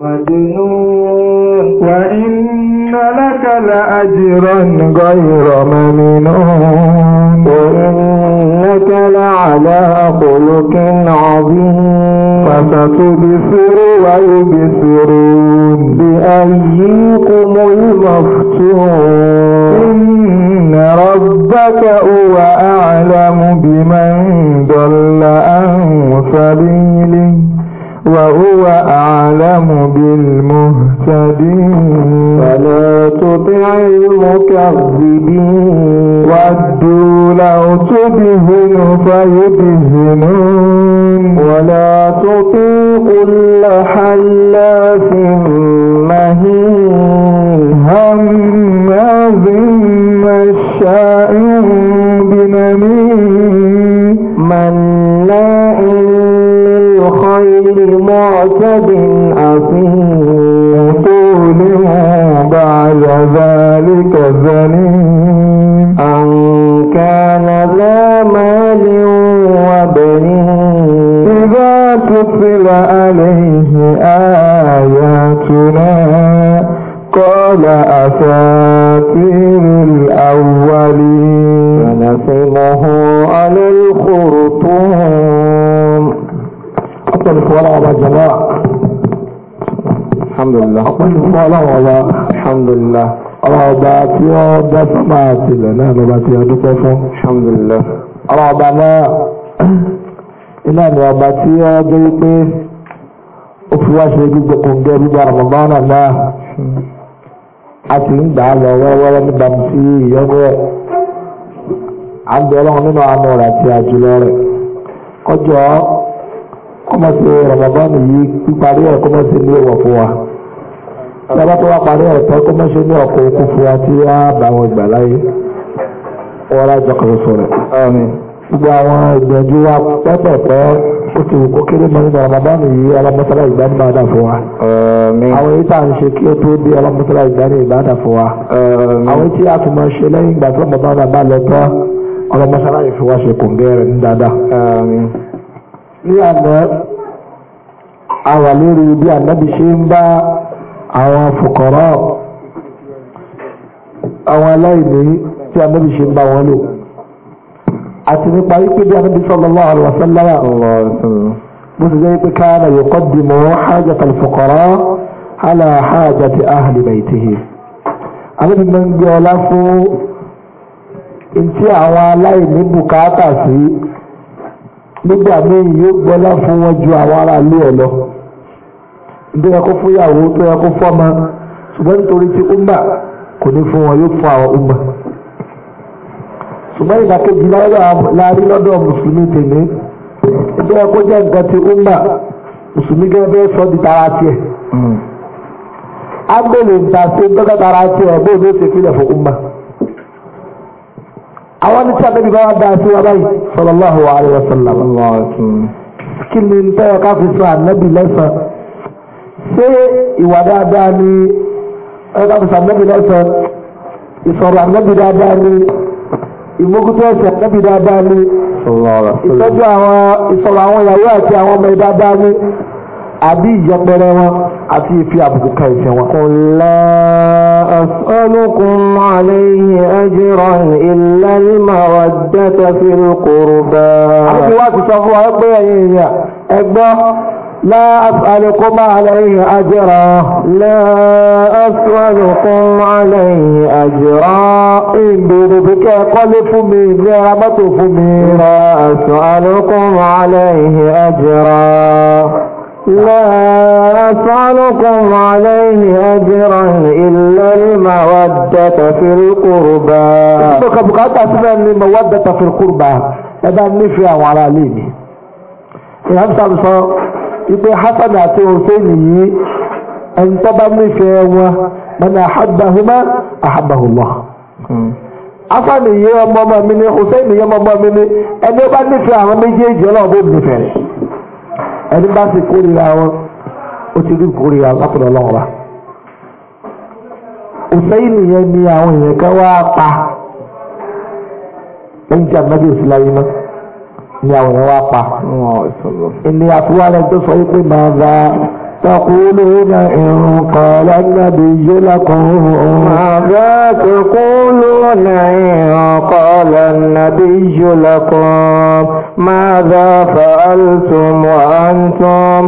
وإن لك لأجرا غير ممنون وإنك لعلى خلق عظيم فستبصر ويبصرون بأيكم المفتون إن ربك هو أعلم بمن ضل عن سبيله وهو أعلم بالمهتدين فلا تطع المكذبين ودوا لو تدهن فيدهنون ولا تطيع كل حلاف مهين أتتل عليه آياتنا قال أساطير الأولين ونسمه على الخرطوم أطلق ولا جماعة الحمد لله أطلق ولا الحمد لله ọlọ́ọ̀bá tí ó bẹ́ sọ́mà àtìlẹ̀ náà lọ́ba tí a dúpẹ́ fún alhamdulillah ọlọ́ọ̀bá náà iná ni ọba tí ó jẹ́ wípé ó fi wá ṣe gbígbé kòǹgẹ́ gbígbà Ramadan náà a ti ń gbà á lọ wẹ́rẹ́wẹ́rẹ́ nígbà tí ìyọ́gọ́ ẹ̀ à ń bẹ ọlọ́run nínú àánú rẹ̀ àti àjùlọ rẹ̀ kọjọ́ kọ́mọ̀sí Ramadan yìí píparí ẹ̀ kọ́mọ̀sí ní ìwọ̀ fún wa lọ́ba tó wá parí ẹ̀ tán kọ́mọ̀sí ní ọkọ̀ òkú fún wa tí a bá wọn gbà láyé wọ́n rájọ kan sọ̀rọ̀ gbogbo àwọn ìgbìyànjú wa pẹ́pẹ̀pẹ́ ó ti wù kó kéré mọ́ nígbà ramadan yìí alámọ́tálá ìgbàanì ìbáàdà fún wa. àwọn èyí tá à ń ṣe kí ó tó dé alámọ́tálá ìgbàanì ìbáàdà fún wa. àwọn tí a tún máa ṣe lẹ́yìn ìgbà tí ramadan bá lọ tán alámọ́tálá yìí fi wá ṣe kòǹgẹ́ rẹ̀ ní dáadáa. ní àná a wà lórí bí ànábì ṣe ń bá àwọn fòkọ̀rọ̀ àwọn aláìní tí ànábì ṣe ń bá wọn lò àti nípa wípé bí anábì sallallahu alaihi wa sallam bó ti jẹ́ wípé kana yuqaddimu hajata al-fuqara ala hajati ahli baytihi anábì máa ń gbé ọlá fún ntí àwọn aláìní bùkátà sí nígbà míì yóò gbọ́lá fún wọn ju àwọn ará ilé ẹ̀ lọ bí ẹ kó fúyàwó tó ẹ kó fọ́mọ ṣùgbọ́n nítorí tí ó mà kò ní fún wọn yóò fún àwọn ọmọ. ṣùgbọ́n ìdàkejì láàrin lọ́dọ̀ mùsùlùmí tèmi ẹgbẹ́ ẹ̀kọ́ jẹ́ nǹkan ti umma mùsùlùmí gẹ́gẹ́ bẹ́ẹ̀ sọ di tara tiẹ̀ hmm. agbèlè tara tiẹ̀ bó ló ṣe fi lẹ̀ fún umma. àwọn ní sábẹ́ bí báwa dáa sí wa báyìí sallallahu alaihi wasallam. kí ni ká fi sọ ànábì lẹ́sàn ṣé ìwà dáadáa ni ìmógútó ẹ̀sẹ̀ níbi dáadáa ni ìtọ́jú àwọn ìsọ̀rọ̀ àwọn ìyàwó àti àwọn ọmọ dáadáa ni àbí ìyọpẹrẹ wọn àti ìfi àbùkù ka ìfẹ́ wọn. kò lẹ́ as'alukum alayhi ajran illa al-mawaddata fil qurba. àwọn ìwà ti sọ fún wa pé ẹ̀yin ìyà ẹgbọ́n. لا أسألكم عليه أجرا لا أسألكم عليه أجرا ìgbèrè bí kẹ́ kọ́lé fún mi لا أسألكم عليه أجرا لا أسألكم عليه أجرا إلا المودة في القربى ìgbèrè bùkátà sílẹ̀ المودة في القربى ẹ̀dá nífẹ̀ẹ́ àwọn ará lè ní ipe hasan àti hussein yìí n'iyi tó bá nífẹ̀ẹ́ wọn mọ́nà àhábàhùmá àhábàhùmá. Hmm. hasan yìí ọmọ ọmọ mi ni hussein yìí ọmọ ọmọ mi ni ẹni bá nífẹ̀ẹ́ àwọn wọn ó ti rí kórìíra lápẹ̀lẹ̀ ọlọ́run wa. hussein yẹn ni àwọn èèyàn kan wá pa oúnjẹ ànábì òsì láyé náà. ìyàwó yẹn wá pa. ilé àtúwálẹ̀ tó sọ wípé màdà تقولون إن قال النبي لكم ماذا تقولون إن قال النبي لكم ماذا فعلتم وأنتم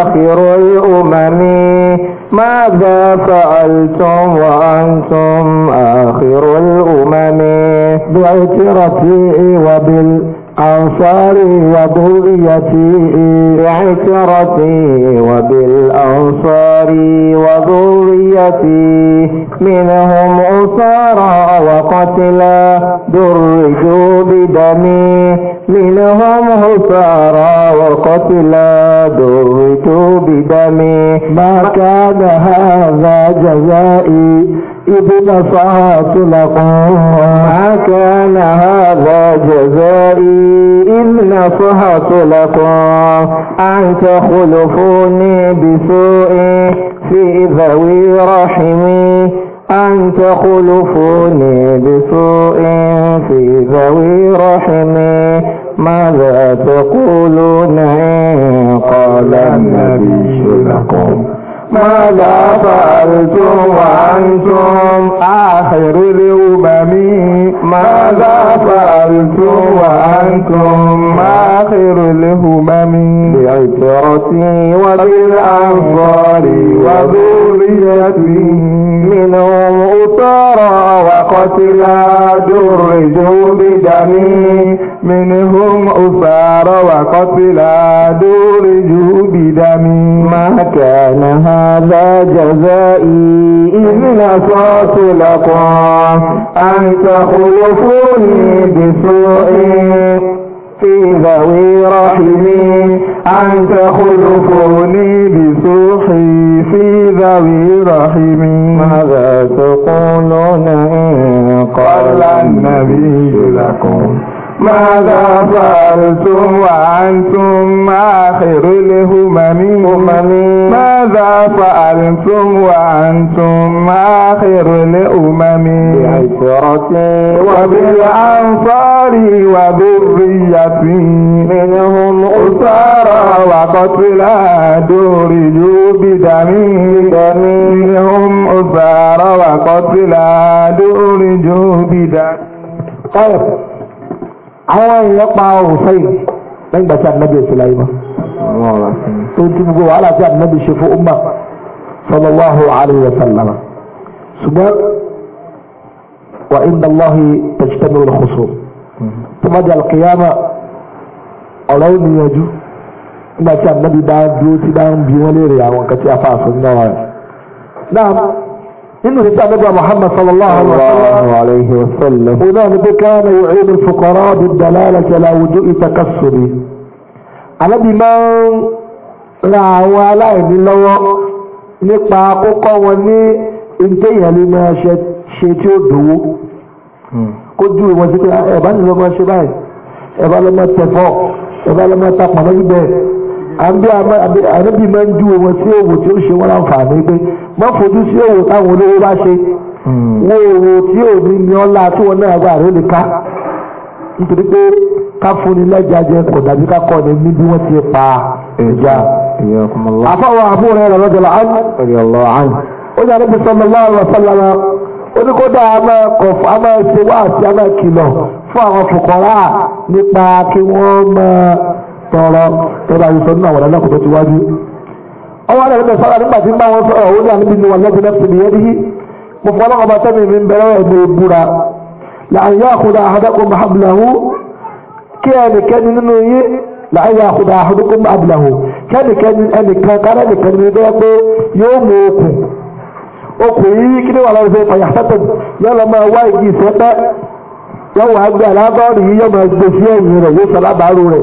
آخر الأمم ماذا فعلتم وأنتم آخر الأمم بعترتي وبال أنصاري وذريتي وعشرتي وبالأنصار وذريتي منهم أسارى وقتلى درجوا بدمي منهم أسارى وقتلى درجوا بدمي ما كان هذا جزائي ابن نصعت لكم ما كان هذا جزائي ابن نصحت لكم أن تخلفوني بسوء في ذوي رحمي أن تخلفوني بسوء في ذوي رحمي ماذا تقولون إن قال النبي لكم ماذا فعلتم وأنتم آخر الأمم ماذا فعلتم وأنتم آخر الأمم بعترتي وبالأنصار وذريتي منهم أسارى وقتلى درجوا بدمي منهم أسار وقتلا دورجه دمي ما كان هذا جزائي إذ نصرت لكم أن تخلفوني بسوء في ذوي رحمي أن تخلفوني بسوحي في ذوي رحمي ماذا تقولون إن قال النبي لكم ماذا فعلتم وأنتم آخر الهمم ماذا فعلتم وأنتم آخر الأمم بعشرتي وبالأنصار وذريتي منهم أسارى وقتلى دورجوا بدمي منهم أسارى وقتلى دورجوا بدمي طيب àwọn èèyàn pa Hussein lẹ́yìn gbàtí ànábì òṣèlú ayé mọ́ tó ti gbogbo wàhálà tí ànábì ṣe fún umma sallallahu alayhi wa sallam ṣùgbọ́n wa inda Allahi tajtami al-khusum tó bá di alkiyama ọ̀rọ̀ ò níyànjú nígbà tí ànábì bá dúró tí bá ń bi wọ́n léèrè àwọn nǹkan tí náà rẹ̀ náà nínú ìta nígbà Muhammad sallallahu alayhi wa sallam òun náà ni pé káàna yu'inu al-fuqara bid-dalalati ala wuju'i takassuri alábì máa ń ra àwọn aláìní lọ́wọ́ nípa kókọ́ wọn ní ìtẹ̀yìn àlè máa ṣe tí ó dòwó hmm. kó ju ìwọ̀n sí pé ẹ̀bá nílò máa ṣe báyìí ẹ̀bá lọ́mọ tẹ̀fọ́ ẹ̀bá lọ́mọ tapọ̀ lọ́gbẹ̀ẹ́ àbí ànábì máa ń ju owó si òwò ti o se wọ́n láǹfààní pé ma fojú sí òwò táwọn olówó bá ṣe hmm. wo òwò tí ò ní ní ọ́lá tí wọ́n náà gbà rẹ̀ ká nítorí pé ká fúnni lẹ́jà jẹ kò dàbí ká kọ́ ni ní bí wọ́n ti pa ẹja. àfọwọ́ àbúrò rẹ̀ lọ́jọ́ la án. ó ní ànábì sallallahu alaihi wasallam ó ní kó dáa máa kọ̀ fún a máa ṣe wá àti a máa kìlọ̀ fún àwọn fòkọ̀rá nípa kí wọ́n máa tọrọ tọ́lá yìí sọ́dún àwọn ọ̀dọ́ kò tó wájú. ọwọ́ rẹ̀ lọ́dọ̀ sọ́ra nígbà tí ń bá wọn sọ̀rọ̀ ó ní àníbi ni wọn lẹ́bi lẹ́bi ni yẹ́dí mo fọ́ ọlọ́kọ̀ bá tẹ́mi mi bẹ̀rẹ̀ ẹ̀mí ìbúra làyìn yóò àkúdà àhàdákùn àbùlàhù kí ẹnikẹ́ni nínú yín làyìn yóò àkúdà àhàdákùn àbùlàhù kí ẹnikẹ́ni ẹnìkan kára ẹnìkan ní bẹ́ẹ̀ pé yóò mú okùn okùn yìí kí ni wàá lọ́wọ́ fẹ́ fàyà sẹ́tẹ̀ yóò lọ́ máa wá igi ìfẹ́ pẹ́ yóò wá gbé alábọ́ọ̀rù yìí yóò máa gbé sí ẹ̀yìn rẹ̀ yóò sọ lábàárù rẹ̀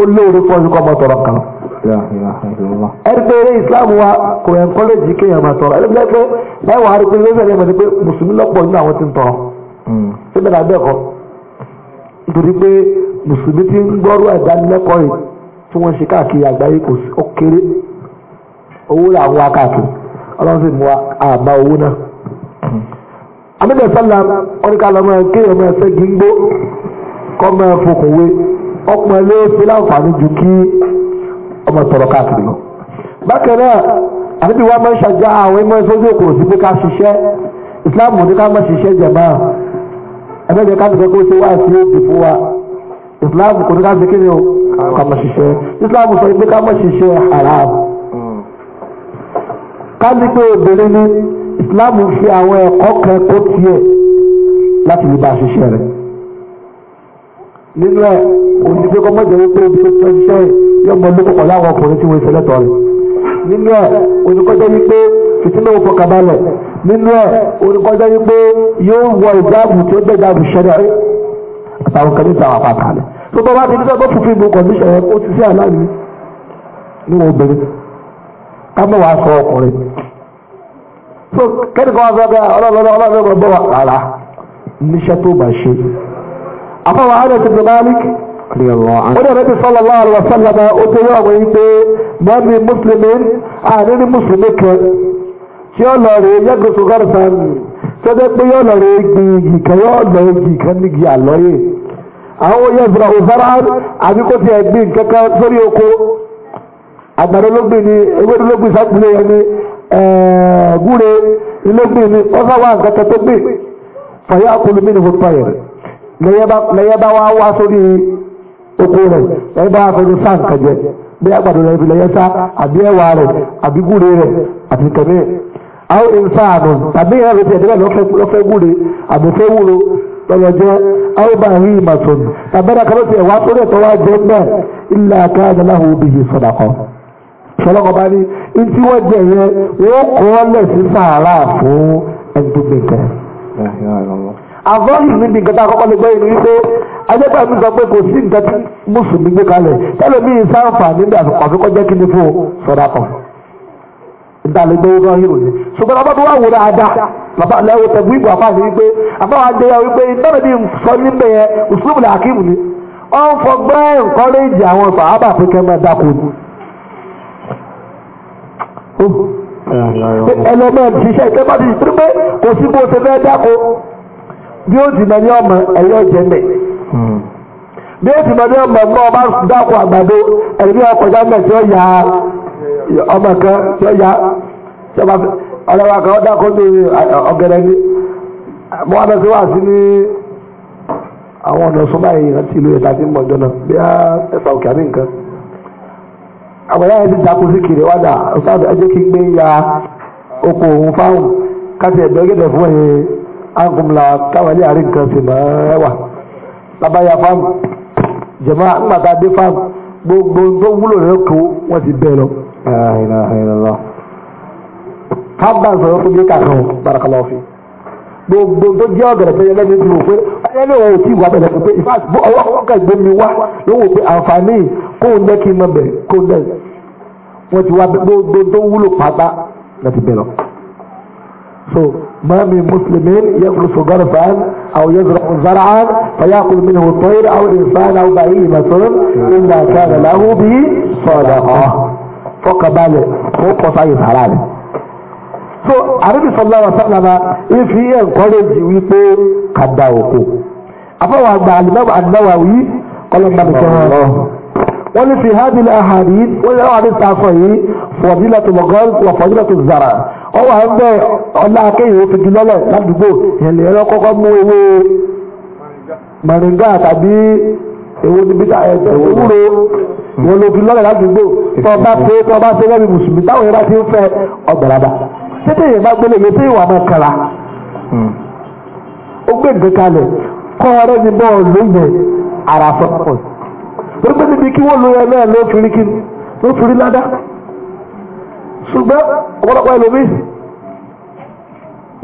ó lóore fún ọdún kọ́ ọmọ tọrọ kan. ẹni pé eré islam wa kò ẹnkọ́lẹ́jì kéèyàn máa tọrọ ẹni pé láìwọ̀ àrí pé lóṣèlú ẹ̀mọ́ ni pé mùsùlùmí lọ́pọ̀ nínú àwọn tí ń tọrọ. síbẹ̀ hmm. náà bẹ́ẹ̀ kọ́ nítorí pé mùsùlùmí ti ń gbọ́rú ìdánilẹ́kọ̀ọ́ yìí tí wọ́n ṣe káàkiri àgbáyé kò sí ó kéré owó làwọn wa káàkiri ọlọ́run sì mú wa àbá owó náà. àmì ọkùnrin ẹni ó ṣe láǹfààní ju kí ọmọ sọ̀rọ̀ káàkiri lọ. bákan náà àbíbi wa máa ń ṣàjà àwọn ẹmọ ẹsọ ojú òkùnrin sí pé ká ṣiṣẹ́ Islam ní ká máa ṣiṣẹ́ jẹ̀mọ́ ẹgbẹ́jẹ ká nìkan kó ṣe wá sí èdè fún wa Islam kò ní ká ṣe kíni o ká máa ṣiṣẹ́ Islam sọ pé ká máa ṣiṣẹ́ haram. ká ní pé obìnrin ni Islam fi àwọn ẹ̀kọ́ kan tó tiẹ̀ láti lè bá ṣiṣẹ́ rẹ̀ nínú ẹ̀ òṣìṣẹ́ kọ́mọ́jẹ́ wípé ibi tó fẹ́ iṣẹ́ yóò mọ lóko pẹ̀lú àwọn ọkùnrin tí wọ́n ṣe lẹ́tọ̀ọ́ rẹ̀ nínú ẹ̀ òṣìṣẹ́ wípé fìtínà òfò kabalẹ̀ nínú ẹ̀ òṣìṣẹ́ wípé yóò wọ ìdáàbò tó gbé ìdáàbò ṣẹlẹ̀ ẹ̀ àtàwọn kan ní ìtàn àpá kalẹ̀ tó bá bá ti dídá tó fún fíìmù kọ̀ndíṣẹ̀ ẹ̀ ó ti sí àlàyé níwọ̀n obìnrin ká mọ̀ wàá sọ ọkùnrin so kẹ́nìkan wá sọ àfọwọ́ àdàtì bùnálík ó dẹ̀ rẹ́bí sallallahu alaihi wasallam ó tó yọ àwọn ìpè mọ́mí mùsùlùmí àní ní mùsùlùmí kan tí ó lọ rèé yẹ́gùsù gọ́rùsán tọ́jọ́ pé yóò lọ rèé gbin igi kan yóò lọ igi kan nígi àlọ́yè àwọn oyè ìfura òfara àbí kò tiẹ̀ gbin kankan sórí oko àgbàdo ló gbìn ní ewédú ló sápìlẹ̀ yẹn ní eh, gúre ló gbìn ọ̀sán wà nǹkan tó gbìn fàyà kùlùmí ni mo pa yẹn lẹ́yẹ bá wá wá sórí oko rẹ̀ lẹ́yẹ bá wá sórí sáǹkà jẹ bí àgbàdo rẹ̀ fi lẹ́yẹ sá àbí ẹ̀wà rẹ̀ àbí gúre rẹ̀ àti kẹ̀mí àwọn ìsáànù tàbí ìyá rẹ̀ ti ẹ̀dẹ́gbẹ̀ lọ́fẹ́ gúre àbí fẹ́ wúro lọ́lọ́ jẹ́ àwọn bá rí ìmọ̀tún tàbí ẹ̀dá kan ló ti ẹ̀wà sórí ẹ̀tọ́ wá jẹ́ náà ilẹ̀ akáàdà láhùn obìyì sọ̀dàkọ́ sọlọ́kọ̀ bá ní ntí wọ́n jẹ yẹn wọ́n kọ́ lẹ̀ sí sàárà fún ẹgbẹ́gbẹ̀kẹ́ àvọ́yìn níbi nǹkan tá a kọ́kọ́ lè gbọ́ inú wípé ajẹ́pẹ́ mi sọ pé kò sí nǹkan tí mùsùlùmí gbé kalẹ̀ tẹ́lẹ̀ mi ń sáǹfà níbi àfikọ́ jẹ́ kí ni fún sọ̀dà kan ìdálẹ́gbẹ́ owó náà yìí ṣùgbọ́n bàbá tó wà wò dáadáa bàbá lẹ́wọ́ tẹ̀gbù ìbò àfáàní wípé àfáà adéyà wípé ìtọ́nà ní sọ níbẹ̀ yẹn ìṣúlùmù ní akíìmù ni ó ń fọgbẹ́ ìkọ́lẹ́jì àwọn sàábà pé kẹ́ máa dáko ni. ẹlẹ́mẹ̀ẹ́ ti ṣiṣẹ́ ìtẹ́gbà ti ṣe pé kò sí bó ṣe fẹ́ dáko bí ó ti mẹ́ni ọmọ ẹ̀yọ́ jẹ́ hmm. bí ó ti mẹ́ni ọmọ ẹ̀mọ́ ọba dákọ̀ àgbàdo ẹ̀rí ọkọjá mẹ́ tí ó yà ọmọ kan tí ó yà ọlọ́wà kan dákọ̀ ní ọ̀gẹ̀rẹ̀ ní mọ́ wá wá sí ní àwọn ọ̀nà láti ìlú tí ń náà bí a ẹ̀fà òkè àmì nǹkan ti dákú kiri wádà ọ̀sán kí gbé ya oko òun fáwọn fún ẹ̀yẹ agùnmùlà káwàlẹ́ àrí nǹkan sí mẹ́wà lábáyà fáàmù jẹ̀mọ́ àgbàtà dé fáàmù gbogbo tó wúlò rẹ̀ kó wọ́n ti bẹ́ẹ̀ lọ. kábà sọ̀rọ̀ tó gbé kàkàn barakala ọ̀fìn gbogbo tó jẹ́ ọ̀gẹ̀rẹ̀ tó yẹ lẹ́nu ti wò pé ẹni òun ò tí ì wà bẹ̀rẹ̀ pé ìfàs ọwọ́ kan gbé mi wá ló wò pé àǹfààní kó ń jẹ́ kí n mọ bẹ̀rẹ̀ kó ń bẹ̀rẹ̀ wọ́n ti wá gbogbo tó wúlò pátá láti bẹ̀rẹ̀ so ما من مسلم يغرس جرفا او يزرع زرعا فيأكل منه الطير او انسان او مثلا الا كان له به صدقة فقط بالي فوق صعيد حلال so arabi sallallahu alaihi wasallam he encourage wípé kada oko afawa agba alimamu anawawi kọlọmba bi kẹwọn lọ wọn ní fi hadil ahadith wọn ní àwọn àdìsá sọ yìí fọdílà tó lọgọrin fọdílà tó zara ọwọ́ ẹ̀ ń bẹ́ ọlá akéyìn ó fi jù lọ́lẹ̀ ládùúgbò ìyẹ̀lẹ̀ ẹ̀rọ kọkọ mú ewé mọ̀rìngà tàbí èwo ni bíta ẹ̀jẹ̀ ewúro wọn ló fi lọ́lẹ̀ ládùúgbò tó ọba ṣe tó ọba mùsùlùmí táwọn yẹn bá ti ń ọgbàlàbà títí yẹn bá gbélé yẹn tí ìwà máa kàrà ó gbé yẹn pé pé níbi kí náà ló fi rí kí ló fi rí ládàá ṣùgbọ́n ọ̀pọ̀lọpọ̀ ẹlòmíì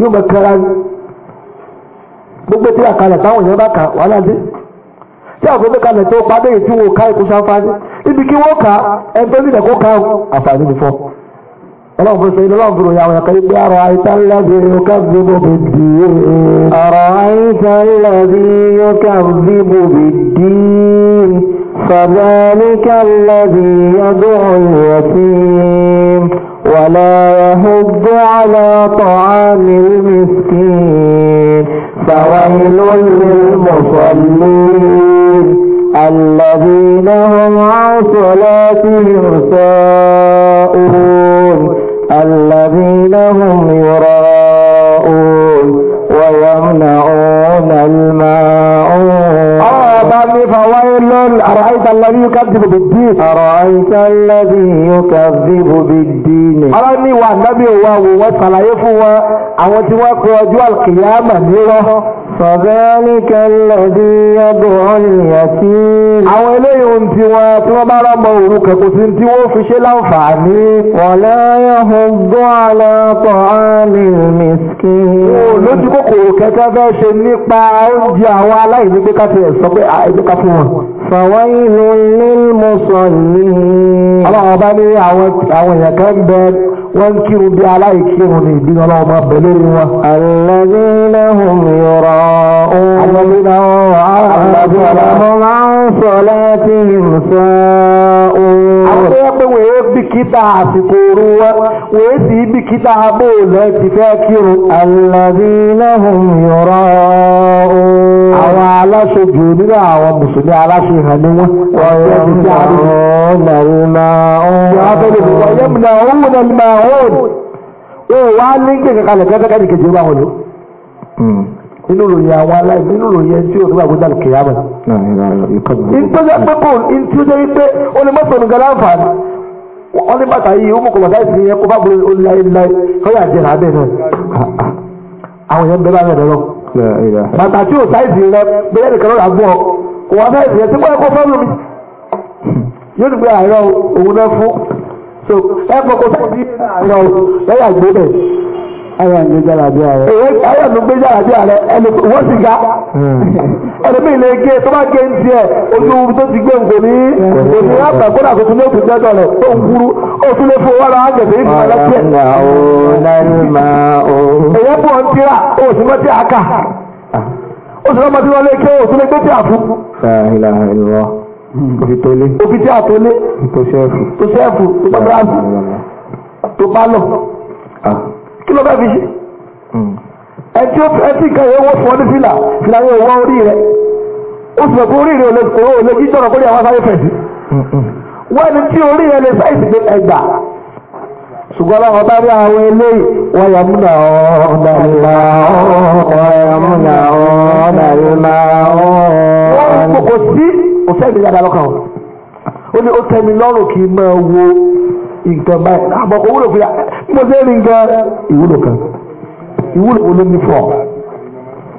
yóò mọ̀ kára ní gbogbo tí àkàlẹ̀ táwọn èèyàn bá kà wàhálà dé tí àwọn tó kalẹ̀ tó padà èyí tí wọn ká ikú sanfani ibi kí wọ́n kà ẹgbẹ́ nílẹ̀ kó ká àǹfààní mi fọ́. ọlọ́run fún sẹ́yìn ọlọ́run fún ìyàwó ẹ̀ka yìí pé àrò àìsàn lẹ́bi yóká bíbó bi dì í. àrò àìsàn lẹ́bi yóká bíbó bi dì í. فذلك الذي يدعو اليتيم ولا يهد على طعام المسكين فويل للمصلين الذين هم عن صلاتهم ساؤون الذين هم يراءون ويمنعون الماعون ọlọ́run àràáìta lọ́rí yóò kàbí bèbè dín. àràáìta lọ́rí yóò kàbí bèbè dín. ọlọ́run ní ìwà àgbábí òwò àwọn òwò ṣàlàyé fún wọn àwọn tí wọ́n pe ọjọ́ àlùkìyàmà nírọ́. Fàbẹ́ẹ́líkà lọ́dí ọgbọ̀n ìyàtí. Àwọn eléyìí ohun tí wọn tí wọ́n bá rọ́mọ òru kẹ̀kù sí tí wọ́n fi ṣe láǹfààní. Wọ́n lẹ́yìn ọgbọ́n alápọ̀ àmì mìsíkì. Lójú kòkòrò kẹta fẹ́ ṣe nípa oúnjẹ àwọn aláìní pé ká ti ẹ̀ sọ pé àìdókà fún wọn. فويل للمصلين الله بني àwọn èèyàn kan wọ́n kírù bí aláìkírù ní ìbínú ọlọ́ọ̀bá pẹ̀lú wọn. Àlẹ́dínlẹ́ hùn yọ̀rọ̀ ohun. Àlẹ́dínlẹ́ hùn yọ̀rọ̀ ohun bìkítà àsìkò òru wọn wèé sì bìkítà bóòlẹ̀ ti fẹ́ kírun. alladhinahum yura'un. àwọn aláṣojú nínú àwọn mùsùlùmí aláṣehàn ni wọ́n. ọ̀rọ̀ ọ̀rọ̀ inú ròyìn àwọn aláìsí inú ròyìn ẹni tí òtún àgbéjà kìyàmù. ìtọ́jà pé kò ní tí ó jẹ́ wípé ó lè mọ́tò nìkan láǹfààní. wọ́n ní bàtà yìí ó mú kọ̀ bàtà ìsìn yẹn kó bá bolo oníláyé níláyé kó yà jẹ́ lábẹ́ náà àwọn yẹn bẹ́ẹ̀ bá yẹn lọ́rọ́ bàtà tí ò sáìsì rẹ bẹ́ẹ̀ nìkan lọ́la gbọ́ kò wá sáìsì rẹ tí wọ́n kọ́ fẹ́ yóò òun náà fún Àwọn ìlú gbé jàrà bí ààrẹ. Àwọn ìlú gbé jàrà bí ààrẹ ẹni wọ́n sì ga. Hmm. Ẹni mi lè gé tó bá gé ń tiẹ̀ ojú omi tó ti gbé ń hmm. kò ní òní àgbà kódà tó tún ní òkú gbẹ́dọ̀ rẹ̀ tó ń kúrú ó tún lè fún owó ara àgbẹ̀fẹ́ ìfún ara tiẹ̀. Èyẹ́ bọ̀ ń tira oṣù mọ́ tí a kà. Ah. Oṣù lọ́mọ tí wọ́n lé ké oṣù lé gbé tí a fún. Hmm. Òfi tó tó bá lọ. Ah. kí ló fẹ́ fi ṣe ẹtí ẹtí kan yẹn wọ́n fún ọ ní fìlà fìlà yẹn wọ́n orí rẹ ó sì fẹ́ orí rẹ ò lè kóró ò àwọn wọ́n ní tí orí rẹ lè sáyẹ̀sì pé ẹgbà ṣùgbọ́n láwọn bá rí àwọn eléyìí wọ́n yà múnà ya ìlà ọ̀ọ́ yà múnà ọ̀ọ́dà ìlà ọ̀ọ́. wọ́n kò sí yàrá lọ́kàn ó ní ó lọ́rùn kì í máa wo nǹkan mo ṣe rí nǹkan ìwúlò kan ìwúlò wo ló ní fún ọ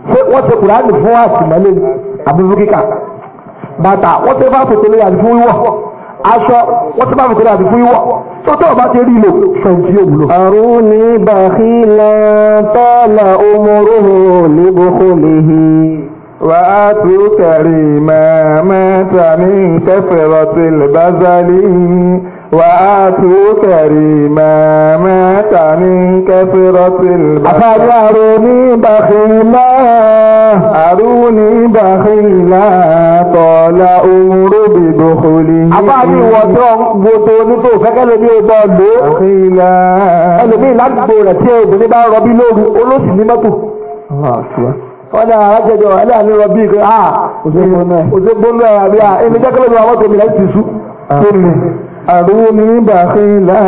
ṣé wọ́n ṣe kùránì fún àtìmọ́lé àbúrú kíkà bàtà wọ́n ṣe bá fòtò lórí àti fún wíwọ̀ aṣọ wọ́n ṣe bá fòtò lórí àti fún wíwọ̀ tó ọba ṣe rí ilò fẹ̀ǹtì òwúlò. àrùn ní bàkílẹ̀ tọ́lá omoròhò níbòkòlèhì wà á tù kẹrì mẹ́mẹ́ta ní kẹfẹ̀rọ̀ tìlẹ̀ bá zálí yìí. وآتوا كريما مات من كثرة البخل أفجروني بخيلا أروني بخيلا طال أمر ببخله أفعني وطن بطوني تو فكالي بيضالو بخيلا ẹlòmíì ládùúgbò rẹ̀ tí obìnrin bá rọbí lóru olóṣì ní mọ́tò. wọ́n ní àwọn ajẹjọ ẹlẹ́yàní rọbí kan ah òṣègbónú ẹ̀ àbí ah èmi jẹ́ kí ló ń lọ àwọn tòmìnira ti sú. أروني بخيلا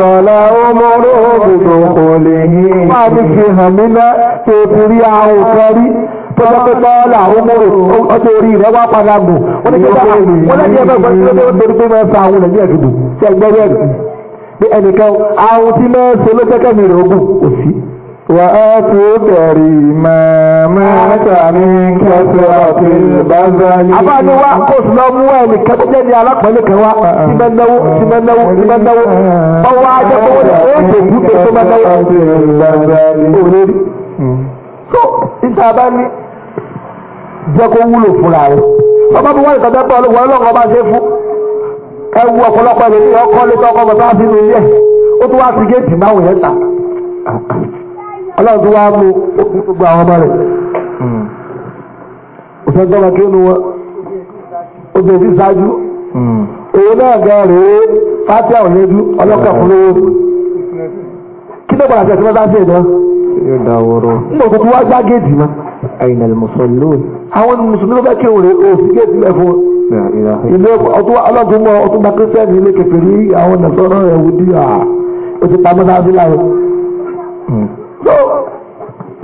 قال عمر بدخوله ما بك همنا تبري أو كري tọ́jọ́ pé tọ́lá òmùrò ọjọ́ orí rẹ̀ wá padà bù wọ́n ní kíkọ́ wọ́n lẹ́yìn ẹgbẹ́ gbọ́dọ̀ tí ó torí pé mẹ́fà àwọn ẹ̀jẹ̀ ẹ̀dùdù tí ẹgbẹ́ rẹ̀ pé ẹnìkan àwọn tí mẹ́sẹ̀ ló kẹ́kẹ́ mi rẹ̀ ogun kò sí. وآتوا كريما مات من كثرة البذل أفعل وقص لموالي كبدا يا لك ملك وا تمنو تمنو تمنو فواجه قول so ìta bá ní jẹ́ kó wúlò fúnra rẹ̀ bàbá ṣe fún ọ̀pọ̀lọpọ̀ ọkọ̀ tún wá sí géètì ọlọ́run tó bụ mú òkú gbogbo àwọn ọmọ rẹ̀ hmm. òṣèlú tó máa kí nu wọn obìnrin ti ṣáájú èyí hmm. náà gan rèé àwọn ọlọ́kà fún kí ló wá gbá mọ́. àyìnà àwọn mùsùlùmí kí mẹ́ fún ilé ọlọ́dún mọ́ ọtún bá kírísítẹ́nì ilé kẹfẹ́ rí àwọn nàìjíríà ó ti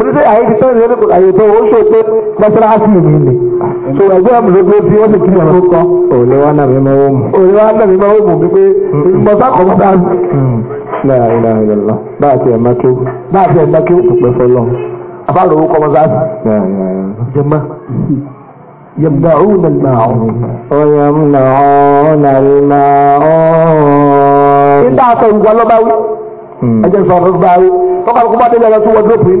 oníṣẹ́ àyè ti tẹ́lẹ̀ lẹ́nu kò àyè tó o ṣe pé mọ́ṣáláṣí mi ni so ẹgbẹ́ mi ló gbé tí wọ́n sì kíni ọ̀rọ̀ kan. òní wa náà mi máa wò mú. òní wa náà mi máa wò mú wípé mọ̀sá kọ̀ mọ́sá mi. láà ilà ìlàlá bá a ti ẹ̀ máa kí ó. bá a ti ẹ̀ máa kí ó. pípẹ́ fọlọ́ àbálò owó kọ́ mọ́sá mi. jẹ́mọ́ يمنعون الماعون ويمنعون الماعون إذا أعطوا قالوا باوي أجل صار باوي فقال قبادة لا تسوى دروبين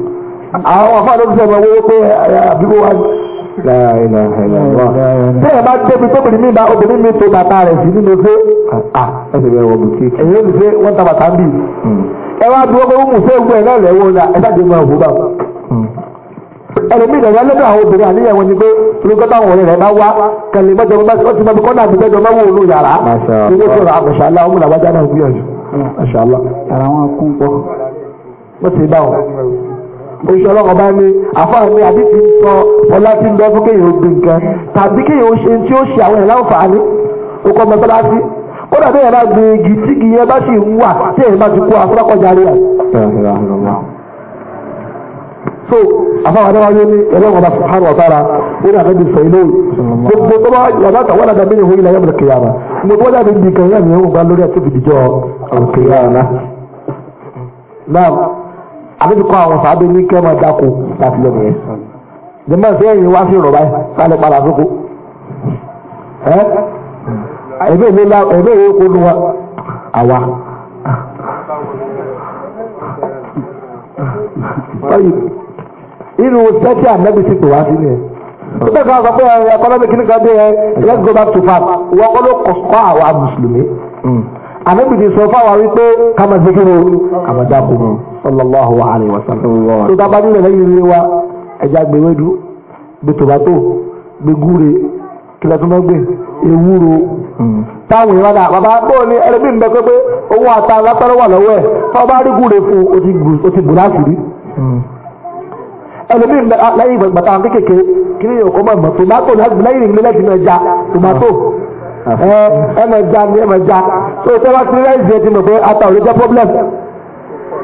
àwọn afáàdé ti sọ̀rọ̀ owó pé àbíkó wa bẹ́ẹ̀ bá débi tóbìnrin mi bá obìnrin mi tó bàtà rẹ̀ sí nínú pé èyí ah, ó ti pé wọ́n ta bàtà ń bì ẹ wá dúró pé wọ́n mú sí ewu ẹ̀ náà lẹ́wọ́ náà ẹ sáà dé mọ́ òwú báwọn ẹlòmíì ìdàgbà lọ́dọ̀ àwọn obìnrin àníyàn wọn ni pé olùkọ́ táwọn ọ̀rẹ́ rẹ̀ bá wá kẹlẹ̀ mọ́jọ wọ́n ti mọ́bi kọ́nà àgbẹ̀jọ́ máa wò ló yàrá ilé sọ̀rọ̀ àmọ̀ṣálá ọmọ làwájá náà gbìyànjú hmm. àṣàlá. ara wọn kún pọ. wọ́n ti bá wọn. oṣù ọlọ́run bá ní àfáàní àbí ti ń sọ ọlá tí ń bẹ fún kéèyàn gbìn nǹkan tàbí kéèyàn ó ṣe tí ó ṣe àwọn èèyàn láǹfààní ó kọ́ mọ́sálásí kódà a èèyàn bá gbin igi tí igi yẹn bá sì tí ti kó so adáwájú ní nínú àgbẹ̀bí sọ ilé gbogbo tó bá àbíbi kọ́ àwọn sàábé ní kí ọmọ dáko láti lọ nìyẹn jẹ́mọ́ sí ẹ̀yìn wá sí ìrọ̀bá sálẹ̀ padà sóko ẹ̀bẹ́ ìlú kò nù wa àwa. inú sẹ́tì ànábì ti pè wá sí nìyẹn ó bẹ́ẹ̀ sọ pé economic kìíní kan dé ẹ let's go back to farm wọ́n kọ́ ló kọ́ àwa mùsùlùmí hmm. ànábì ti sọ fáwa wípé kàmá sí kí ni kàmá dáko sallallahu alayhi wa sallam. tó tá a bá nílẹ̀ lẹ́yìn ilé wa ẹja gbẹwédú gbẹ tòbátò gbẹ gúre kílẹ̀ tó máa gbẹ ewúro hmm. táwọn èèyàn dà bàbá bóò ni ẹni bí n bẹ pé pé owó ata látọ́rọ́ wà lọ́wọ́ ẹ̀ tó bá rí gúre fún o ti bù láti rí ẹlòmíì lẹ́yìn ìgbàgbà táwọn kékèké kí ni yòókó mọ̀ mọ̀ lẹ́yìn ìgbìlẹ̀ lẹ́yìn ẹja tòmátò ah. ẹ ẹmẹja ni ẹmẹja tó o tẹ́ sí lẹ́yìn ìgbìlẹ̀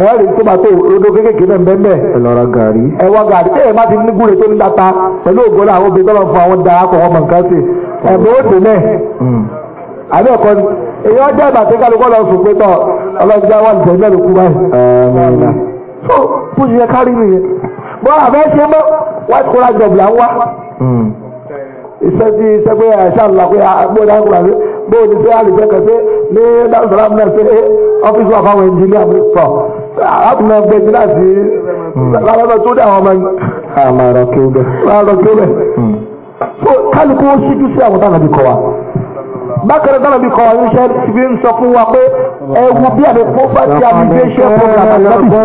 ẹ wá rí tó bá tó rodo kékèké náà bẹ́ẹ̀ bẹ́ẹ̀. ẹ lọ ra gàrí. ẹ wá gàrí tí ẹ má ti ní gúre tó ń data pẹ̀lú ògo náà àwọn obìnrin tó lọ fún àwọn darapọ̀ wọn mọ̀ nǹkan sí ẹ bó dé náà. Hmm. àbí ọkọ ni èyí wọ́n jẹ́ ìbàtí kálukọ́ lọ sùn pé tọ́ ọlọ́jà wà ní tẹ̀lé lókù báyìí. so bó ṣe yẹ kárí nìyẹn bọ́ àbẹ́ ṣe mọ́ white collar job là ń wá iṣẹ́ hmm. tí iṣẹ́ pé ẹ̀ṣà ńlá pé agbóhùn àgbà rẹ̀ bóhùn ní sẹ́yà lè jẹ́ kẹsẹ́ ní dáhùn sọ́lá náà ṣe ọ́fíìsì wà fáwọn ẹnjìnìà mi sọ arákùnrin ọgbẹ́ ti láti hmm. lábẹ́bẹ́ tó dé àwọn ọmọ yìí. àmàrà ah, kí ó bẹ̀. àmàrà kí ó bẹ̀. Hmm. so kálukú ó ṣíjú sí àwọn tánàbí kọ wa. bákan náà tánàbí kọ wa ní iṣẹ́ ti fi ń sọ fún wa pé ẹwu bí àmì fún fàtí àbíbéṣẹ́ program àtàbí.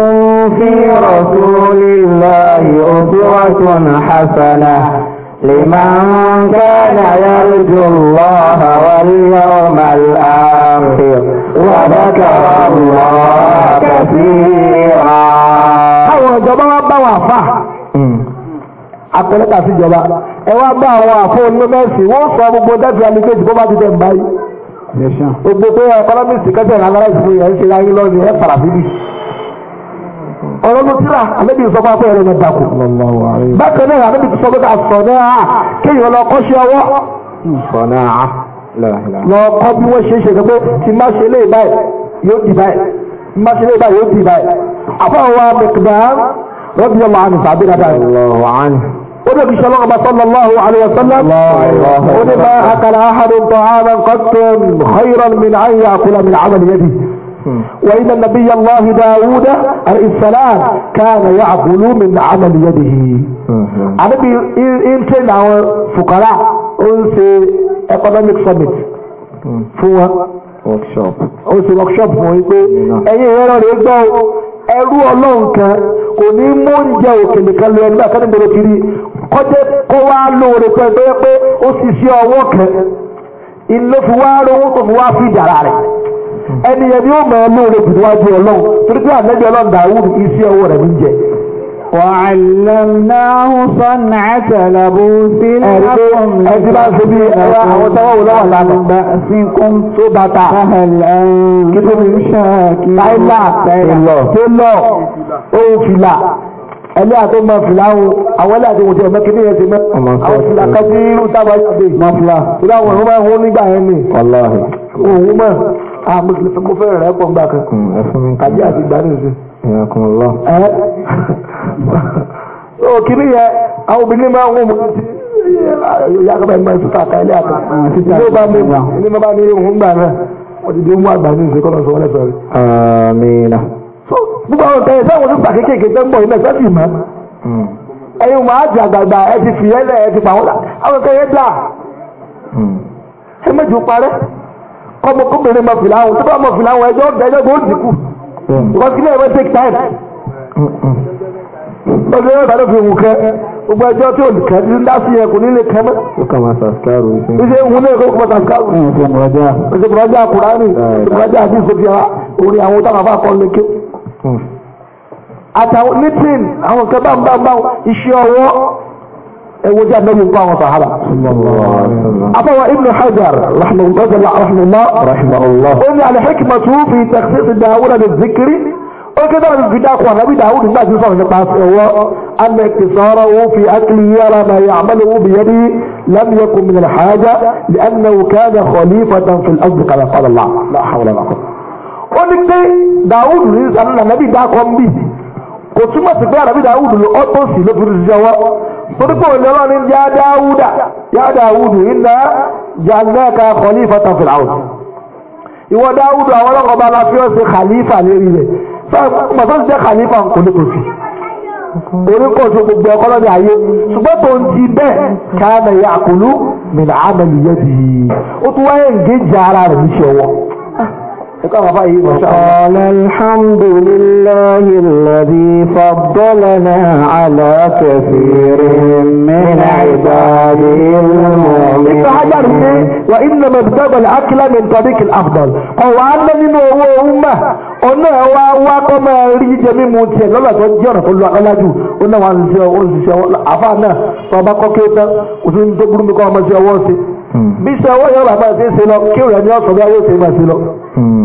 fi rasulillahi uswatun hasana. لمن كان يرجو الله واليوم الآخر وذكر الله كثيرا àwọn ìjọba wá bá wọn àfà hmm. àpẹẹrẹ kàfi ìjọba ẹ wá bá àwọn àfọ onímọ̀ẹ́sì wọ́n sọ gbogbo dẹ́fì alikejì bó bá ti tẹ̀ ń báyìí gbogbo pé ẹkọlọ́mìsì kẹsẹ̀ ní alára ìfún yẹn ṣe láyé lọ́ọ̀ni ẹ fara bíbí ọlọ́run tíra àlébi ìsọfún afẹ́ rẹ̀ lọ́dà kù bákan náà àlébi ti sọ pé àsọ̀ náà kéèyàn lọ kọ́ ṣe ọwọ́ lọ kọ́ bí wọ́n ṣe é ṣe pé tí má ṣe lé báyìí yóò dì báyìí. ما في له بايو في باي افا هو مقدام رضي الله عنه صابر ابا الله عنه ودب شلا ما صلى الله عليه وسلم الله الله ودب اكل احد طعاما قط خيرا من ان ياكل من عمل يده وإن النبي الله داود عليه السلام كان يعقل من عمل يده النبي انت فقراء انسي ايكونوميك سميت فوق ó ṣe workshop fún yín pé ẹ̀yin ìrẹ́rọ̀ rẹ̀ gbọ́ ẹrú ọlọ́run kan kò ní mú oúnjẹ òkèlè kan lọ nígbà kan níbo ló ti rí kọjá kó wá lóore pẹ́ tó yẹ pé ó sì ṣe ọwọ́ kan ilé fi wá rówó tó fi wá fi ìjàrá rẹ̀ ẹni yẹn ó mọ̀ ẹ́ lóore jù níwájú ọlọ́run torí pé àlejò ọlọ́run dàrú iṣẹ́ ọwọ́ rẹ̀ ń jẹ وعلمناه صنعة لبوس لكم لتكون بأسكم صبتا فهل أنتم شاكرون فلا ẹlẹ́ àtọ́ máa fìlà ohun àwọn ẹlẹ́ àti ohun tí ọmọ kìíní yẹn ti mẹ́ àwọn fìlà kájí irú tábà yàgbé máfìlà tó dáwọn ẹ̀rọ máa ń wọ́n nígbà yẹn ni òun mọ̀ àmì kìí so kìíní yẹ àwọn obìnrin máa ń wọ́n mu láti yàgò bá ẹ̀ máa sùtà ká ilé àká ilé bá mi ilé bá mi ń gbà náà wọ́n ti dé mú àgbà ní ìṣe kọ́nà sọ́wọ́n lẹ́sọ̀rọ̀. amiina. so gbogbo àwọn ọ̀tẹ̀ ẹ̀sẹ̀ wọn ti gbà kéékèèké tẹ́ ń bọ̀ ilé ẹ̀sẹ̀ sì mọ́ hmm. ẹ̀yin mọ̀ á ti àgbààgbà ẹ ti fìyẹ́lẹ̀ ẹ ti pàwọ́lá àwọn ọ̀tẹ̀ yẹn dà hmm. ẹ méjì parẹ́ kọ́mọ kọ́mọbìnrin mọ̀ fìlà àwọn tó bá mọ̀ fìlà àwọn ẹjọ́ ọ̀dẹ́jọ́ gbòó dìkù because kí ọjọ́ yóò tàbí fi wùkẹ́ gbogbo ẹjọ́ tí olùkẹ́ ti ń dá sí yẹn kò ní lè kẹ́ mọ́. ó kà máa sàskárò ìṣe. ìṣe ìwú náà kó kọ́ sàskárò. ìṣèkùrọ̀jà. ìṣèkùrọ̀jà kùránì ìṣèkùrọ̀jà àti ìṣòfin orí àwọn táwọn afá kan lè ké. àtàwọn nípìn àwọn nǹkan bámbámbá iṣẹ́ ọwọ́ ẹwọ́ jẹ́ àdánù fún àwọn sàhábà. afọwọ́ ibn hajar rahmanulah rahmanulah ó ní alẹ́ hikmatu fi tẹ̀síṣ ó ké dára bíbí dákun ànábì dàwùd nígbà tí ó sọ̀rọ̀ nípa ọwọ́ anẹ́kì sọ̀rọ̀ ó fi akílì yára máa yẹ àmàlẹ́ ó bìyẹ́ ní lámìyẹ kò mìíràn àájá ní ẹnna òkèèrè kọ̀ọ̀lì fatan fil ọ̀gbù kàlà kọ́lá láhàwọ̀lá lákọ̀. ó ní pé dàwùd ní sànú ànábì dákọ̀ ń bì kò túmọ̀ sí pé ànábì dàwùd ló ọ́tọ̀ sí ló fi ṣiṣẹ́ ìwọ dáwùd àwọn ọlọ́kọ̀ọ́ba la fi khalifa lérí rẹ̀ pàṣẹ ṣe kàlífà kò ní kò sí oríkọ̀ọ́sọ gbogbo ẹ̀kọ́ lọ́dẹ ayé ṣùgbọ́n tó ń ti bẹ́ẹ̀ káàmì yàkùlù mìíràn àmàlì yẹ́ bìí ó tún wáyé ń gé jẹ ara rẹ̀ níṣẹ́ ọwọ́. قال الحمد لله الذي فضلنا على كثير من عباده المؤمنين وإنما ابتغى الأكل من طريق الأفضل أو أن من هو أمة ọ̀nà wa wa kọ́ máa rí jẹ mímu tiẹ̀ lọ́la tó jẹ́ ọ̀nà tó lu alájú ó náà wà ń ṣe ọ̀hún ṣiṣẹ́ àfa náà tó ọba kọ́ kí ó tán òṣù ń tó burú mi kọ́ ọmọ ṣe ọwọ́ ṣe hmm. bí ṣe ọwọ́ yẹn bàbá ṣe ń ṣe lọ kí òrẹ́ ni ọ̀sán bí ayé ṣe máa ṣe lọ. Hmm.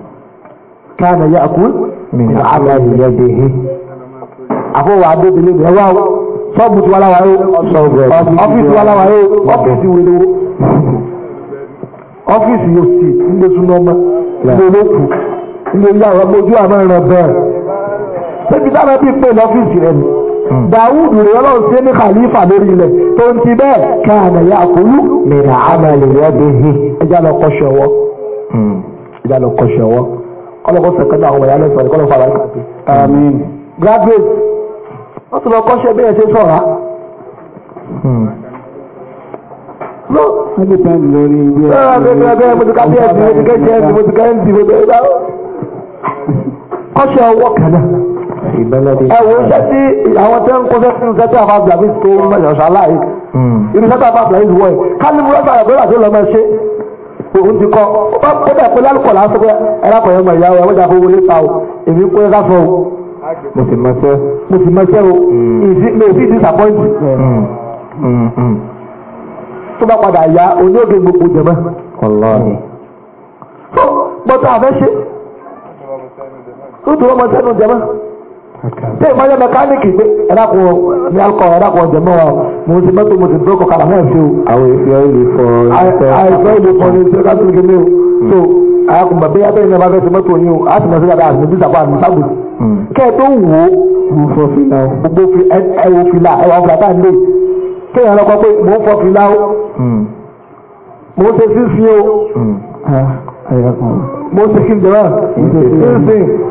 kana ya'kul min amali yadihi àfọwọ́ adébílẹ̀ rẹ̀ wá o ṣọ́ọ̀bù tí wọ́n láwa yóò ọ́fíìsì wọ́n láwa yóò ọ́fíìsì wẹ̀lẹ̀ wo ọ́fíìsì yóò sì ń gbé súná ọmọ ilé olókù ilé ilé àwọn ọmọdé àmọ́ ẹ̀ràn bẹ́ẹ̀ ṣébi dáná bíi pé lọ́fíìsì rẹ̀ ni hmm. dàwùdù rẹ̀ ọlọ́run ṣe ní khalifa lórí ilẹ̀ tó ń ti bẹ́ẹ̀ kana ya'kulu min amali yadihi ẹja lọ kọ́ ṣọwọ́ hmm. ẹja lọ kọ́ ṣọwọ́ kọ́lọ́kọ́ sẹ̀kẹ́ndà àwọn ìyá lẹ́sọ̀rọ̀ kọ́lọ́ fara kàtó. àmín. graduate wọ́n ti lọ kọ́ṣẹ́ bí ẹ ṣe sọ̀rọ̀ á. ló wọ́n ti tẹ́ lórí ilé ẹ̀. Ah, bẹ́ẹ̀ bẹ́ẹ̀ bẹ́ẹ̀ mo ti ká bíẹ̀ ti mo ti ká jẹ́ ti mo ti ká md mo bẹ́ẹ̀ bá. kọ́ṣẹ́ ọwọ́ kan náà. ẹ wo iṣẹ́ tí àwọn tẹ́ ń kọ́ṣẹ́ sínú sẹ́tì àwọn àgbà mi tó ń mọ̀ hmm òun ti kọ́ ó bá kó dà pé lálùkọ̀ lásán pé ẹlẹ́kọ̀ọ́ yẹn mọ̀ ìyá wa wọ́n wọlé ta o èmi kó ká sọ o. mo sì mọṣẹ́. mo sì mọṣẹ́ o hmm. mi ò sí disappoint. Hmm. Hmm, tó bá padà yá oní òde gbogbo jẹ̀mọ́. bọ́tà àfẹ́ ṣe. ó dùn ọmọ sẹ́nu jẹ̀mọ́ ṣé ìmọ̀lẹ́ mẹkáníìkì gbé ẹ̀dàkùn ní alkọ ẹ̀dàkùn ọ̀jẹ̀mọ́ mo ti mẹ́tò mo ti dúró kọ̀kadà náà fi o. àwọn ìfẹ́ ilé fọ ẹsẹ̀ àìfẹ́ ilé fọ ẹsẹ̀ kátólì kí ni o. so àyàkùn bàbá yá bẹ́ẹ̀ ni wọ́n fẹ́ ti mẹ́tò yín o á sì mọ̀ sí dáadáa àti bísà fún àmì kẹ́ ẹ tó wò mo fọ fìlà o gbogbo ẹ wo fìlà ẹ wà fìlà táà lè kéèyàn lọkọ pé mo fọ fìlà o hmm. mo ṣe sísìn o hmm. ah, mo ṣe kí n jẹ báà mo ṣe sísìn.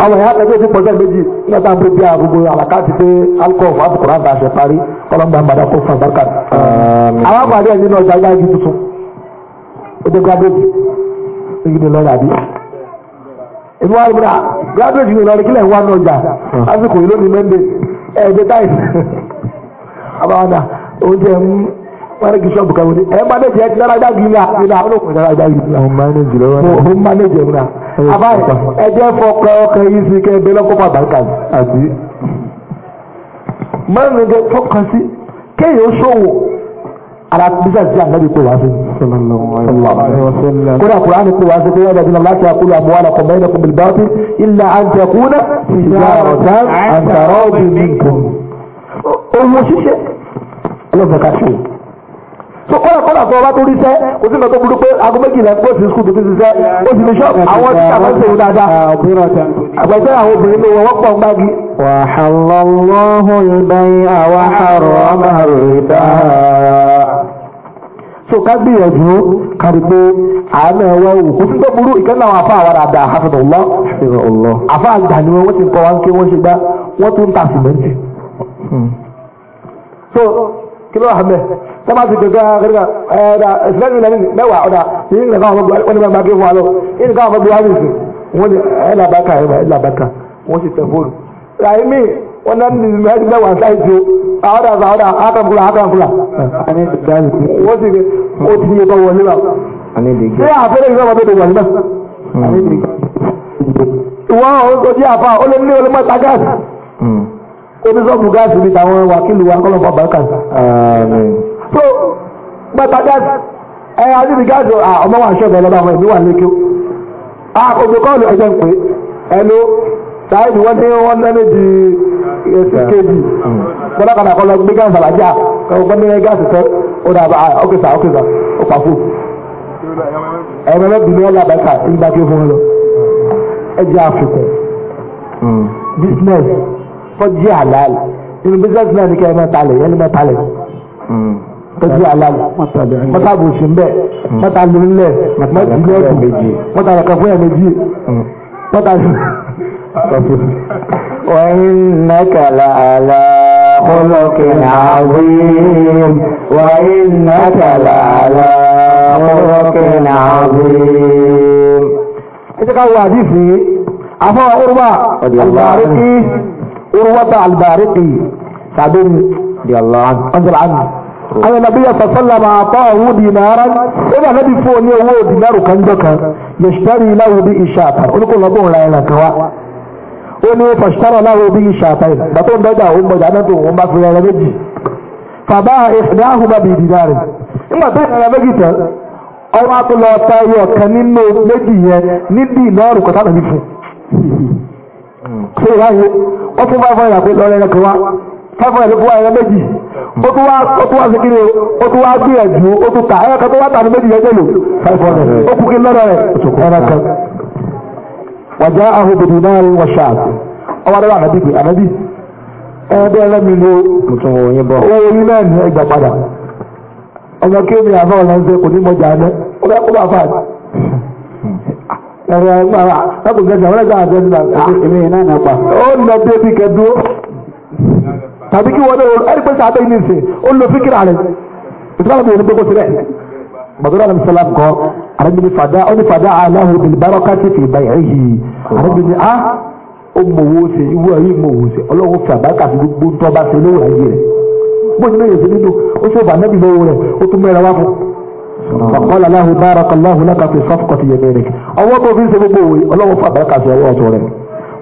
àwọn èèyàn àtẹ̀gbẹ́ ti pọ̀jọ́ méjì ní ọ̀tá àbúrò bíi àgbogbo àlàkàtì pé alcohol fún àbùkù ráńdà àṣẹ parí ọlọ́gbà àgbàdà kó fún àbárkà. àwọn àpàdé ẹ̀ nínú ọjà yáàgì tuntun ó dé gàdéjì èyí ni lọ́ọ̀rì àbí. èmi wá rúbúrà gàdéjì ni lọ́ọ̀rì kílẹ̀ ń wá ní ọjà hmm. lásìkò ìlú ni mẹ́ndé ẹ̀ẹ́dẹ́ táìsì. àbáwọn náà oúnjẹ wọ́n kì í sọ́ọ̀bù kan wọlé ẹ̀ mánéjì ẹ̀ ti dára dá gírí náà nínú àwọn olókùn dára dá gírí náà. mo mánéjì lọ́wọ́ náà. mo mánéjì ọ̀hún náà. àbá ẹ jẹ́ fọkọ ọkàn yìí sí kẹ́ ẹ bẹ́ẹ̀ lọ́kọ́ pàtàkì àti. mọ́rin ní fọkàn sí kéèyàn ṣòwò ara bísà sí àgbẹ̀bí kó wá sí. kódà kúránì kó wá sí pé wọ́n dàbí láti àkúlù àbúwá la kọ̀ mẹ́rin kùnbìlì báwọ́tì ilà àjẹkùnà ìjà ọ̀tá àǹtàrọ̀ ọ̀gbìn nìkan. owó ṣíṣe ọlọ́gbọ̀n ká ṣòwò so kọ́lá kọ́lá tó ọba tó rí sẹ́ kò sí nǹkan tó aago méjìlá ń gbòòsì skul tó fi ṣiṣẹ́ ó sì ní ṣọ́ọ̀bù àwọn tí a máa ń sèwé dáadáa àgbẹ̀sẹ̀ àwọn obìnrin ló wọ́n pọ̀ ń gbági. wàhálà lọ́hùn ìbẹ́yìn àwọn àrò ọmọ rẹ̀ dáa so ká gbìyànjú kárí pé àánú ẹwọ ewu kò sí tó burú ìkànnì àwọn afa àwọn àdá hafidullah hafidullah so kilo ahmed sábà ti gbẹgbẹ akérèkà ẹẹdà ìsìlẹyìn ìlànà mẹwàá ọdà yìí nìkan àwọn ọmọ wọn ni màá gbé fún wa lọ yìí nìkan àwọn ọmọ buhari sì wọn ni ẹ làbàkà ẹ làbàkà wọn sì tẹ fóònù. ràyè mi wọn náà ní mẹ́rin mẹ́wàá sáyé tó àwọdà àwọdà àkànkùlà àkànkùlà. wọ́n sì ó ti yẹ kọ́ wọlé wa. ṣé àfẹ́rẹ́ ìfẹ́ wọn bẹ tó wọlé náà. ìwọ ojú àfa ó lé ní olómọ oníṣọ́ọ̀bù gáàsì ní tàwọn wàkílù wa kọ́lọ̀ fún àbáríkà sí. so gbàtà gáàsì ẹ adébí gáàsì ọmọ wa ṣọ́ọ̀bù ọlọ́ba àwọn ẹ̀mí wà lékè a òjò kọ́ọ̀lù ẹ̀jẹ̀ ń pè é ẹnu sáyẹ́dì wọ́n ní wọ́n lẹ́nu di èsì kejì kọ́lákàdà kọ́lọ́ gbé gáàsì àlàjá kọ́lọ́ gbé gáàsì sọ ó dà bá ókèsà ókèsà ó pa fún ẹ̀rọ lẹ́bìnrin ọlọ́ba ẹ̀ka ń gbàgbé fún ọ lọ ẹ̀jẹ̀ àfikún hmm. business tó jẹ́ àlàálì nínú bísíǹsì náà ní kẹ́ ẹ máa talẹ̀ yẹn ní máa talẹ̀ tó hmm. jẹ́ àlàálì mọ́tà bò sí mbẹ́ hmm. mọ́tà ló ń lẹ̀ fún yẹn méjì mọ́tà وإنك لعلى خلق عظيم وإنك لعلى خلق عظيم. إذا كان واحد في عفوا أربعة urwata albariqi sabin di allah anzal an ayo nabi sallallahu ataahu dinaran ila nabi fo ni owó dinaru kan joka yashtari lahu bi ishatan o ko lobo ra ila kawa o ni fashtara lahu bi ishatan ba to ndo da o mo da na to wọ́n bá fi ra méjì fa ba ihdahu bi dinarin ima to ra méjì ta ọwọ́ tó lọ ta ẹyọ kan nínú méjì yẹn dinaru kọta nàbí fún hmm. ṣe ó tún fáfọ́ ìyàpé lọ́rẹ́ rẹ̀ kan wá fáfọ́ ìyàpé kó wá ẹ̀rọ méjì ó tún wá ó tún wá sí kíni ó tún wá ó tún ta ẹ̀rọ kan tó wá tà ní méjì yẹn jẹ́lò ó kú kí lọ́rọ̀ rẹ̀ ẹ̀rọ kan náà ń wọ ànábì pé ànábì ló owó náà ní ẹgbà padà ọmọ kí kò ní ẹ̀rọ ẹgbẹ́ wa lọ́kùn kẹsàn án lẹ́gbàá àti ẹgbẹ́ àti ah. èmi iná náà pa. ó lọ bí ebi kẹdúró tàbí kí wọlé o ẹni pé sábẹ́ ilé ìsìn ó lọ fíkìrà rẹ̀ ìtura bẹ̀rẹ̀ ní gbogbo sílẹ̀ gbàdúrà ní sọlá kọ àrẹ́bìnrin fàdá ó ní fàdá aláhùn ìbáraka ti fi báyà yìí àrẹ́bìnrin fàkọ́lá láhùn bára kan láhùn lákàtí sọ́fùkọ́tì yẹmẹ́rẹ́kì ọwọ́ tó fi ń ṣe gbogbo òwe ọlọ́wọ́ fún àbáríkà sí ọwọ́ ọ̀tún rẹ̀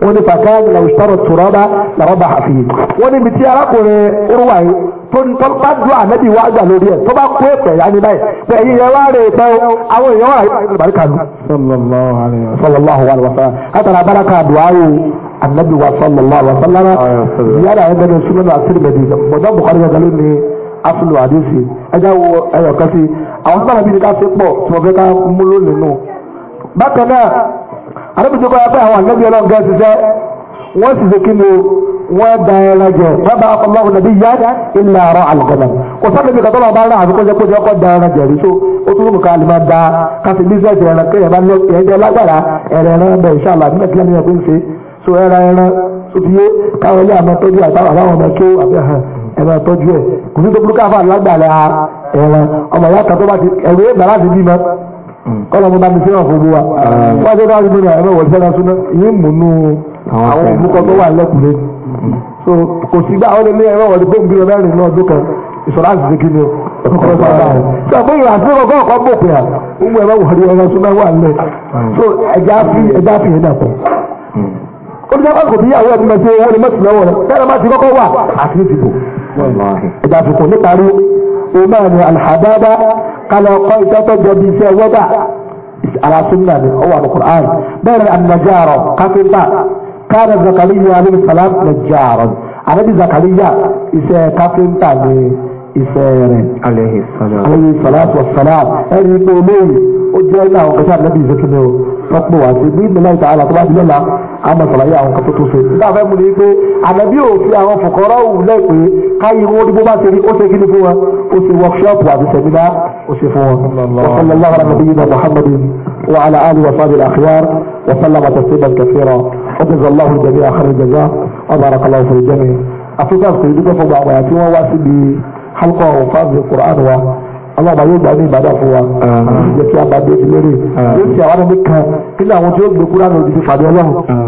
wọ́n ní fàkàní làwọn ìṣòro tùrọ́bà làrọ́bà àfi wọ́n ní ibi tí arákùnrin orúwà yìí tó ń tọ́ bá dùn ànábì wá gbà lórí ẹ̀ tó bá kó ẹ̀pẹ̀ yá ní báyìí bẹ́ẹ̀ yìí yẹn wá rè pẹ́ o àwọn èèyàn wà láyé àlùbáríkà nù. sallallahu alayhi wa sallam látara baraka duwaru ànábì wa sallallahu alayhi wa sallam yàrá ẹ̀ bẹ́ẹ̀ ni sunan àti tìrìmẹ̀dì bọ̀dọ̀ bùkọ́rí asulu àdéhùn ẹja wo ẹyọ kan sí àwọn sábà bíi ká ṣe pọ̀ tí wọ́n fẹ́ ká mú lónìí nù. bákan náà àdébùtí kọ́ ya pé àwọn àgbẹ̀bí ọlọ́run gẹ́ ṣiṣẹ́ wọ́n sì ṣe kí ni wọ́n da ẹran jẹ wọ́n bá nàbí yá ilẹ̀ àárọ̀ àlùkọ́lá kò sábà bíi kàtọ́lọ́ bá rán àfikún jẹ́ kójú ọkọ̀ da ẹran jẹ ríṣó ó tún lùkà lè da káfí bísẹ̀sì ẹran kéèyàn ẹ máa tọ́jú ẹ̀ kò ní tó burúkú àfáà lágbàlẹ̀ ẹran ọmọ ìyá kan tó bá ti ẹ̀rọ ìgbà láti bímọ kọ́lọ̀ mo bá mi fẹ́ràn fún gbogbo wa wọ́n ti dáhùn nínú ẹ̀rọ ìwọ̀n ìṣẹ́ra súná ìyẹn mú nú àwọn òbúkọ tó wà lẹ́kùnrin so kò sí gbà ó lè ní ẹ̀rọ ìwọ̀n ìgbóhùn bíi mẹ́rin náà ọdún kan ìṣọ̀rọ̀ àti ṣe kíni ọkọ̀ sábà rẹ̀ tí a bóyá àti ọkọ̀ ọkọ̀ bò pé à ń mú ẹ̀rọ ìwọ̀n ìwọ̀n súná wà lẹ̀ so ẹja fi ẹja fi yẹn hmm. ní sábà kò ìgbà àfikún níparí o máa ní alhadada kálọ̀ ọkọ̀ ìtọ́tọ̀ jọbi iṣẹ́ wẹ́dà ara sunna ni ọwọ́ alukur'an bẹ́ẹ̀ ni anajaro káfíńtà káàdà zakariya alayhi salam najaro anabi zakariya iṣẹ́ káfíńtà ni iṣẹ́ rẹ̀ alayhi salatu salam ẹni pé olóyè ó jẹ́ ní àwọn kẹsàn-án wọ́n pè wá sí ní ìmìlẹ̀ ìta àlà tó bá ti lọ́la àmọ̀ sàlàyé àwọn kan tó tó ṣe. nígbà fẹ́ mu ni pé ànábì ò fi àwọn fòkọ́rọ́ òun lẹ́ pé káyé wọn ní bó bá ṣe rí ó ṣe kí ni fún wọn ó ṣe wọ́kṣọ́ọ̀pù àti sẹ́mínà ó ṣe fún wọn. wasalaamu ala nabiyina muhammadin wa ala ali wa sahbihi al wa sallama tasliman kathira wa jazallahu jami'a khairal jazaa wa barakallahu fi jami'a. àfikún àti ìdúgbò fún gbàgbà tí wọ́n wá síbi halqa wa fáàbì wa ọlọ́ọ̀bá yóò gbà ní ìbàdàn fún wa jẹ́ kí a bá dé ìlérí yóò ti àwọn ọmọdé kan kí ni àwọn tí ó gbé kúrò àwọn òdìdí fàdé ọlọ́run.